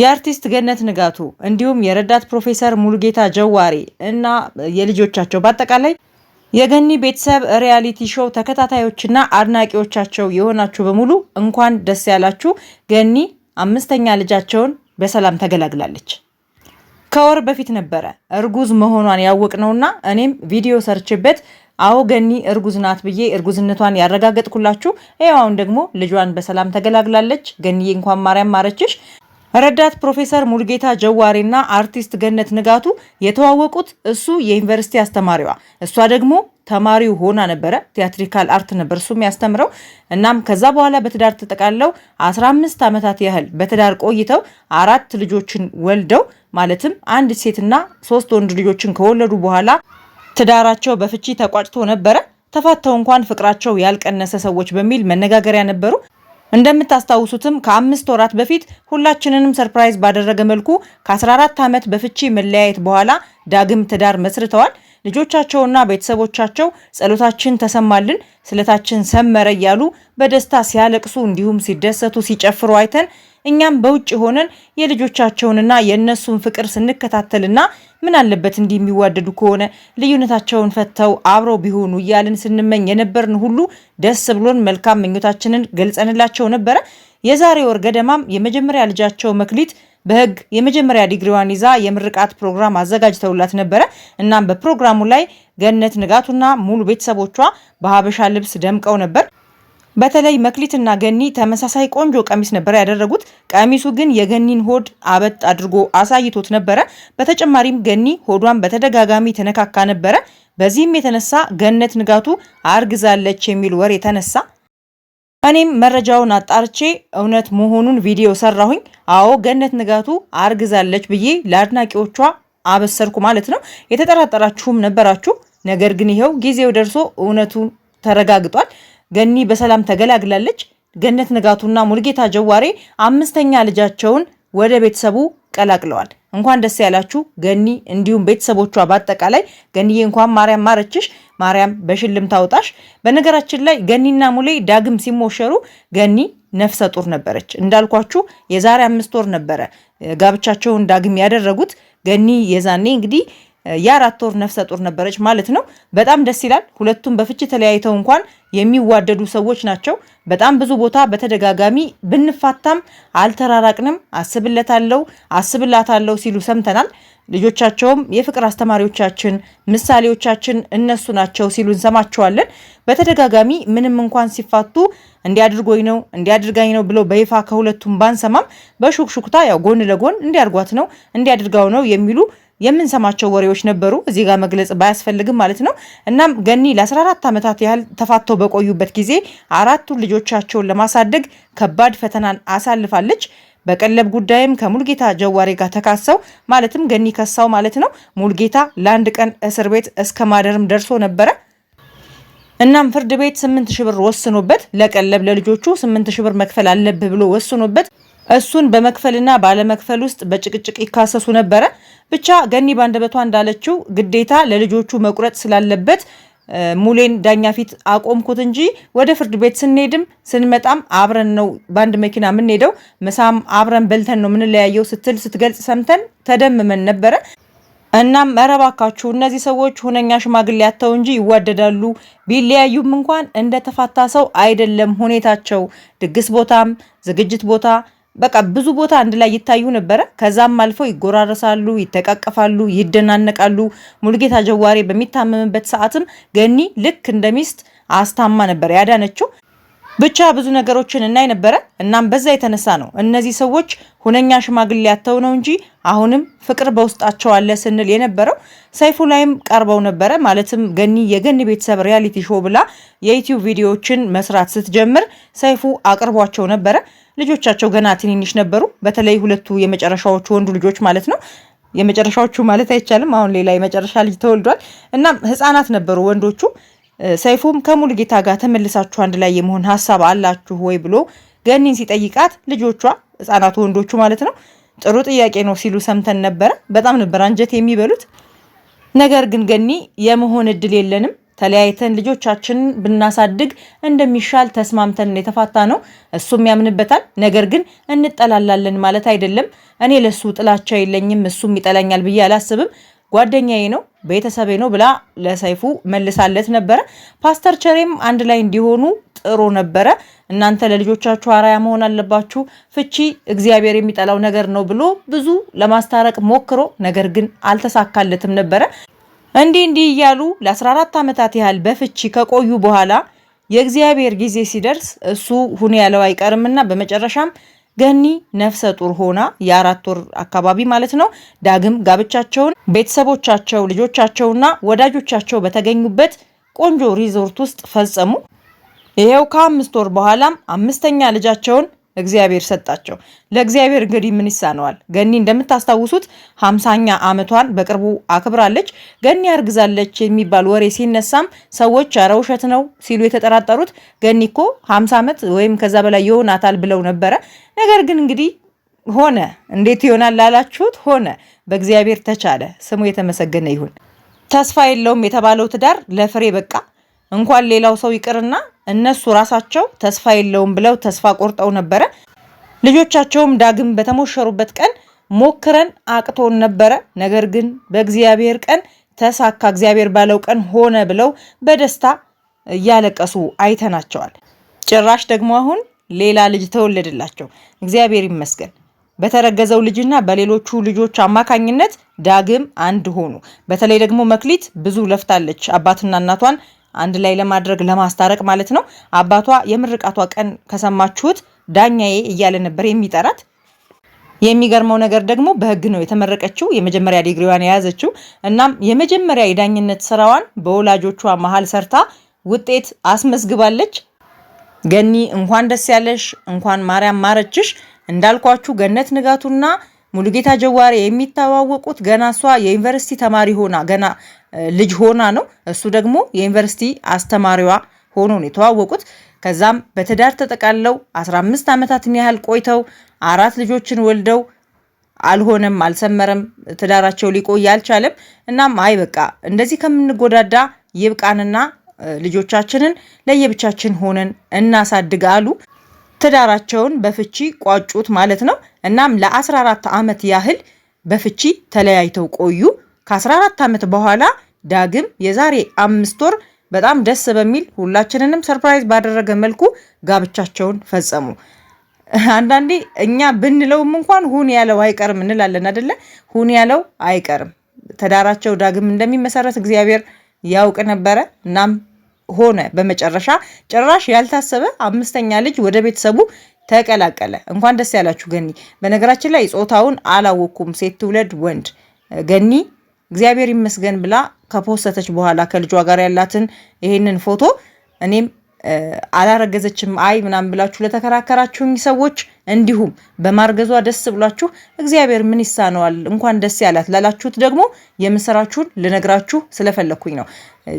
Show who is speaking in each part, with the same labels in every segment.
Speaker 1: የአርቲስት ገነት ንጋቱ እንዲሁም የረዳት ፕሮፌሰር ሙሉጌታ ጀዋሬ እና የልጆቻቸው በአጠቃላይ የገኒ ቤተሰብ ሪያሊቲ ሾው ተከታታዮችና አድናቂዎቻቸው የሆናችሁ በሙሉ እንኳን ደስ ያላችሁ። ገኒ አምስተኛ ልጃቸውን በሰላም ተገላግላለች። ከወር በፊት ነበረ እርጉዝ መሆኗን ያወቅ ነውና እኔም ቪዲዮ ሰርችበት አዎ ገኒ እርጉዝ ናት ብዬ እርጉዝነቷን ያረጋገጥኩላችሁ። ይኸው አሁን ደግሞ ልጇን በሰላም ተገላግላለች። ገኒዬ እንኳን ማርያም ማረችሽ። ረዳት ፕሮፌሰር ሙልጌታ ጀዋሬና አርቲስት ገነት ንጋቱ የተዋወቁት እሱ የዩኒቨርሲቲ አስተማሪዋ እሷ ደግሞ ተማሪው ሆና ነበረ። ቲያትሪካል አርት ነበር እሱም ያስተምረው። እናም ከዛ በኋላ በትዳር ተጠቃለው 15 ዓመታት ያህል በትዳር ቆይተው አራት ልጆችን ወልደው ማለትም አንድ ሴትና ሶስት ወንድ ልጆችን ከወለዱ በኋላ ትዳራቸው በፍቺ ተቋጭቶ ነበረ። ተፋተው እንኳን ፍቅራቸው ያልቀነሰ ሰዎች በሚል መነጋገሪያ ነበሩ። እንደምታስታውሱትም ከአምስት ወራት በፊት ሁላችንንም ሰርፕራይዝ ባደረገ መልኩ ከ14 ዓመት በፍቺ መለያየት በኋላ ዳግም ትዳር መስርተዋል። ልጆቻቸውና ቤተሰቦቻቸው ጸሎታችን ተሰማልን፣ ስለታችን ሰመረ እያሉ በደስታ ሲያለቅሱ እንዲሁም ሲደሰቱ ሲጨፍሩ አይተን እኛም በውጭ ሆነን የልጆቻቸውንና የእነሱን ፍቅር ስንከታተልና ምን አለበት እንዲህ የሚዋደዱ ከሆነ ልዩነታቸውን ፈተው አብረው ቢሆኑ እያልን ስንመኝ የነበርን ሁሉ ደስ ብሎን መልካም ምኞታችንን ገልጸንላቸው ነበረ። የዛሬ ወር ገደማም የመጀመሪያ ልጃቸው መክሊት በህግ የመጀመሪያ ዲግሪዋን ይዛ የምርቃት ፕሮግራም አዘጋጅተውላት ነበረ። እናም በፕሮግራሙ ላይ ገነት ንጋቱና ሙሉ ቤተሰቦቿ በሀበሻ ልብስ ደምቀው ነበር። በተለይ መክሊትና ገኒ ተመሳሳይ ቆንጆ ቀሚስ ነበር ያደረጉት። ቀሚሱ ግን የገኒን ሆድ አበጥ አድርጎ አሳይቶት ነበረ። በተጨማሪም ገኒ ሆዷን በተደጋጋሚ ተነካካ ነበረ። በዚህም የተነሳ ገነት ንጋቱ አርግዛለች የሚል ወሬ የተነሳ እኔም መረጃውን አጣርቼ እውነት መሆኑን ቪዲዮ ሰራሁኝ። አዎ ገነት ንጋቱ አርግዛለች ብዬ ለአድናቂዎቿ አበሰርኩ ማለት ነው። የተጠራጠራችሁም ነበራችሁ። ነገር ግን ይኸው ጊዜው ደርሶ እውነቱ ተረጋግጧል። ገኒ በሰላም ተገላግላለች። ገነት ንጋቱና ሙልጌታ ጀዋሬ አምስተኛ ልጃቸውን ወደ ቤተሰቡ ቀላቅለዋል። እንኳን ደስ ያላችሁ ገኒ፣ እንዲሁም ቤተሰቦቿ በአጠቃላይ ገኒዬ፣ እንኳን ማርያም ማረችሽ፣ ማርያም በሽልም ታውጣሽ። በነገራችን ላይ ገኒና ሙሌ ዳግም ሲሞሸሩ ገኒ ነፍሰ ጡር ነበረች። እንዳልኳችሁ የዛሬ አምስት ወር ነበረ ጋብቻቸውን ዳግም ያደረጉት። ገኒ የዛኔ እንግዲህ የአራት ወር ነፍሰ ጡር ነበረች ማለት ነው። በጣም ደስ ይላል። ሁለቱም በፍች ተለያይተው እንኳን የሚዋደዱ ሰዎች ናቸው። በጣም ብዙ ቦታ በተደጋጋሚ ብንፋታም አልተራራቅንም፣ አስብለታለው፣ አስብላታለው ሲሉ ሰምተናል። ልጆቻቸውም የፍቅር አስተማሪዎቻችን፣ ምሳሌዎቻችን እነሱ ናቸው ሲሉ እንሰማቸዋለን። በተደጋጋሚ ምንም እንኳን ሲፋቱ እንዲያድርጎኝ ነው እንዲያድርጋኝ ነው ብሎ በይፋ ከሁለቱም ባንሰማም በሹክሹክታ ያው ጎን ለጎን እንዲያድርጓት ነው እንዲያድርጋው ነው የሚሉ የምንሰማቸው ወሬዎች ነበሩ። እዚህ ጋር መግለጽ ባያስፈልግም ማለት ነው። እናም ገኒ ለ14 ዓመታት ያህል ተፋተው በቆዩበት ጊዜ አራቱን ልጆቻቸውን ለማሳደግ ከባድ ፈተናን አሳልፋለች። በቀለብ ጉዳይም ከሙልጌታ ጀዋሬ ጋር ተካሰው ማለትም ገኒ ከሳው ማለት ነው። ሙልጌታ ለአንድ ቀን እስር ቤት እስከ ማደርም ደርሶ ነበረ። እናም ፍርድ ቤት ስምንት ሺ ብር ወስኖበት ለቀለብ ለልጆቹ ስምንት ሺ ብር መክፈል አለብህ ብሎ ወስኖበት እሱን በመክፈልና ባለመክፈል ውስጥ በጭቅጭቅ ይካሰሱ ነበረ። ብቻ ገኒ ባንደበቷ እንዳለችው ግዴታ ለልጆቹ መቁረጥ ስላለበት ሙሌን ዳኛ ፊት አቆምኩት እንጂ ወደ ፍርድ ቤት ስንሄድም ስንመጣም አብረን ነው በአንድ መኪና የምንሄደው፣ ምሳም አብረን በልተን ነው የምንለያየው ስትል ስትገልጽ ሰምተን ተደምመን ነበረ። እናም መረባካችሁ እነዚህ ሰዎች ሁነኛ ሽማግሌ ያተው እንጂ ይዋደዳሉ። ቢለያዩም እንኳን እንደ ተፋታ ሰው አይደለም ሁኔታቸው። ድግስ ቦታም ዝግጅት ቦታ በቃ ብዙ ቦታ አንድ ላይ ይታዩ ነበረ። ከዛም አልፈው ይጎራረሳሉ፣ ይተቃቀፋሉ፣ ይደናነቃሉ። ሙሉጌታ ጀዋሬ በሚታመምበት ሰዓትም ገኒ ልክ እንደ ሚስት አስታማ ነበር ያዳነችው። ብቻ ብዙ ነገሮችን እናይ ነበረ። እናም በዛ የተነሳ ነው እነዚህ ሰዎች ሁነኛ ሽማግሌ ያተው ነው እንጂ አሁንም ፍቅር በውስጣቸው አለ ስንል የነበረው። ሰይፉ ላይም ቀርበው ነበረ። ማለትም ገኒ የገኒ ቤተሰብ ሪያሊቲ ሾው ብላ የዩቲዩብ ቪዲዮዎችን መስራት ስትጀምር ሰይፉ አቅርቧቸው ነበረ። ልጆቻቸው ገና ትንንሽ ነበሩ። በተለይ ሁለቱ የመጨረሻዎቹ ወንዱ ልጆች ማለት ነው የመጨረሻዎቹ ማለት አይቻልም። አሁን ሌላ የመጨረሻ ልጅ ተወልዷል። እናም ህጻናት ነበሩ ወንዶቹ። ሰይፉም ከሙሉጌታ ጋር ተመልሳችሁ አንድ ላይ የመሆን ሀሳብ አላችሁ ወይ ብሎ ገኒን ሲጠይቃት ልጆቿ ህጻናቱ ወንዶቹ ማለት ነው ጥሩ ጥያቄ ነው ሲሉ ሰምተን ነበረ። በጣም ነበር አንጀት የሚበሉት ነገር ግን ገኒ የመሆን እድል የለንም ተለያይተን ልጆቻችንን ብናሳድግ እንደሚሻል ተስማምተን የተፋታ ነው። እሱም ያምንበታል። ነገር ግን እንጠላላለን ማለት አይደለም። እኔ ለሱ ጥላቻ የለኝም፣ እሱም ይጠላኛል ብዬ አላስብም። ጓደኛዬ ነው ቤተሰቤ ነው ብላ ለሰይፉ መልሳለት ነበረ። ፓስተር ቸሬም አንድ ላይ እንዲሆኑ ጥሩ ነበረ። እናንተ ለልጆቻችሁ አራያ መሆን አለባችሁ፣ ፍቺ እግዚአብሔር የሚጠላው ነገር ነው ብሎ ብዙ ለማስታረቅ ሞክሮ ነገር ግን አልተሳካለትም ነበረ። እንዲህ እንዲህ እያሉ ለ14 ዓመታት ያህል በፍቺ ከቆዩ በኋላ የእግዚአብሔር ጊዜ ሲደርስ እሱ ሁኖ ያለው አይቀርምና በመጨረሻም ገኒ ነፍሰ ጡር ሆና የአራት ወር አካባቢ ማለት ነው ዳግም ጋብቻቸውን ቤተሰቦቻቸው፣ ልጆቻቸውና ወዳጆቻቸው በተገኙበት ቆንጆ ሪዞርት ውስጥ ፈጸሙ። ይኸው ከአምስት ወር በኋላም አምስተኛ ልጃቸውን እግዚአብሔር ሰጣቸው። ለእግዚአብሔር እንግዲህ ምን ይሳነዋል? ገኒ እንደምታስታውሱት ሀምሳኛ ዓመቷን በቅርቡ አክብራለች። ገኒ አርግዛለች የሚባል ወሬ ሲነሳም ሰዎች ኧረ ውሸት ነው ሲሉ የተጠራጠሩት ገኒ እኮ ሀምሳ ዓመት ወይም ከዛ በላይ ይሆናታል ብለው ነበረ። ነገር ግን እንግዲህ ሆነ። እንዴት ይሆናል ላላችሁት ሆነ። በእግዚአብሔር ተቻለ። ስሙ የተመሰገነ ይሁን። ተስፋ የለውም የተባለው ትዳር ለፍሬ በቃ። እንኳን ሌላው ሰው ይቅርና እነሱ ራሳቸው ተስፋ የለውም ብለው ተስፋ ቆርጠው ነበረ። ልጆቻቸውም ዳግም በተሞሸሩበት ቀን ሞክረን አቅቶን ነበረ፣ ነገር ግን በእግዚአብሔር ቀን ተሳካ፣ እግዚአብሔር ባለው ቀን ሆነ ብለው በደስታ እያለቀሱ አይተናቸዋል። ጭራሽ ደግሞ አሁን ሌላ ልጅ ተወለደላቸው። እግዚአብሔር ይመስገን። በተረገዘው ልጅና በሌሎቹ ልጆች አማካኝነት ዳግም አንድ ሆኑ። በተለይ ደግሞ መክሊት ብዙ ለፍታለች። አባትና እናቷን አንድ ላይ ለማድረግ ለማስታረቅ ማለት ነው። አባቷ የምርቃቷ ቀን ከሰማችሁት ዳኛዬ እያለ ነበር የሚጠራት። የሚገርመው ነገር ደግሞ በህግ ነው የተመረቀችው፣ የመጀመሪያ ዲግሪዋን የያዘችው። እናም የመጀመሪያ የዳኝነት ስራዋን በወላጆቿ መሀል ሰርታ ውጤት አስመዝግባለች። ገኒ እንኳን ደስ ያለሽ፣ እንኳን ማርያም ማረችሽ። እንዳልኳችሁ ገነት ንጋቱና ሙሉጌታ ጀዋሬ የሚተዋወቁት ገና እሷ የዩኒቨርሲቲ ተማሪ ሆና ገና ልጅ ሆና ነው። እሱ ደግሞ የዩኒቨርሲቲ አስተማሪዋ ሆኖ ነው የተዋወቁት። ከዛም በትዳር ተጠቃለው 15 ዓመታትን ያህል ቆይተው አራት ልጆችን ወልደው አልሆነም፣ አልሰመረም፣ ትዳራቸው ሊቆይ አልቻለም። እናም አይ በቃ እንደዚህ ከምንጎዳዳ ይብቃንና ልጆቻችንን ለየብቻችን ሆነን እናሳድግ አሉ። ትዳራቸውን በፍቺ ቋጩት ማለት ነው። እናም ለ14 ዓመት ያህል በፍቺ ተለያይተው ቆዩ። ከ14 ዓመት በኋላ ዳግም የዛሬ አምስት ወር በጣም ደስ በሚል ሁላችንንም ሰርፕራይዝ ባደረገ መልኩ ጋብቻቸውን ፈጸሙ። አንዳንዴ እኛ ብንለውም እንኳን ሁን ያለው አይቀርም እንላለን አደለ? ሁን ያለው አይቀርም። ትዳራቸው ዳግም እንደሚመሰረት እግዚአብሔር ያውቅ ነበረ። እናም ሆነ። በመጨረሻ ጭራሽ ያልታሰበ አምስተኛ ልጅ ወደ ቤተሰቡ ተቀላቀለ። እንኳን ደስ ያላችሁ ገኒ። በነገራችን ላይ ጾታውን አላወኩም፣ ሴት ትውለድ ወንድ። ገኒ እግዚአብሔር ይመስገን ብላ ከፖሰተች በኋላ ከልጇ ጋር ያላትን ይሄንን ፎቶ እኔም አላረገዘችም አይ ምናምን ብላችሁ ለተከራከራችሁኝ ሰዎች እንዲሁም በማርገዟ ደስ ብሏችሁ እግዚአብሔር ምን ይሳነዋል እንኳን ደስ ያላት ላላችሁት ደግሞ የምስራችሁን ልነግራችሁ ስለፈለግኩኝ ነው።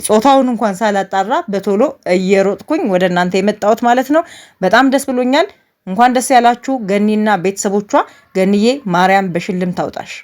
Speaker 1: ጾታውን እንኳን ሳላጣራ በቶሎ እየሮጥኩኝ ወደ እናንተ የመጣሁት ማለት ነው። በጣም ደስ ብሎኛል። እንኳን ደስ ያላችሁ ገኒና ቤተሰቦቿ። ገኒዬ ማርያም በሽልም ታውጣሽ።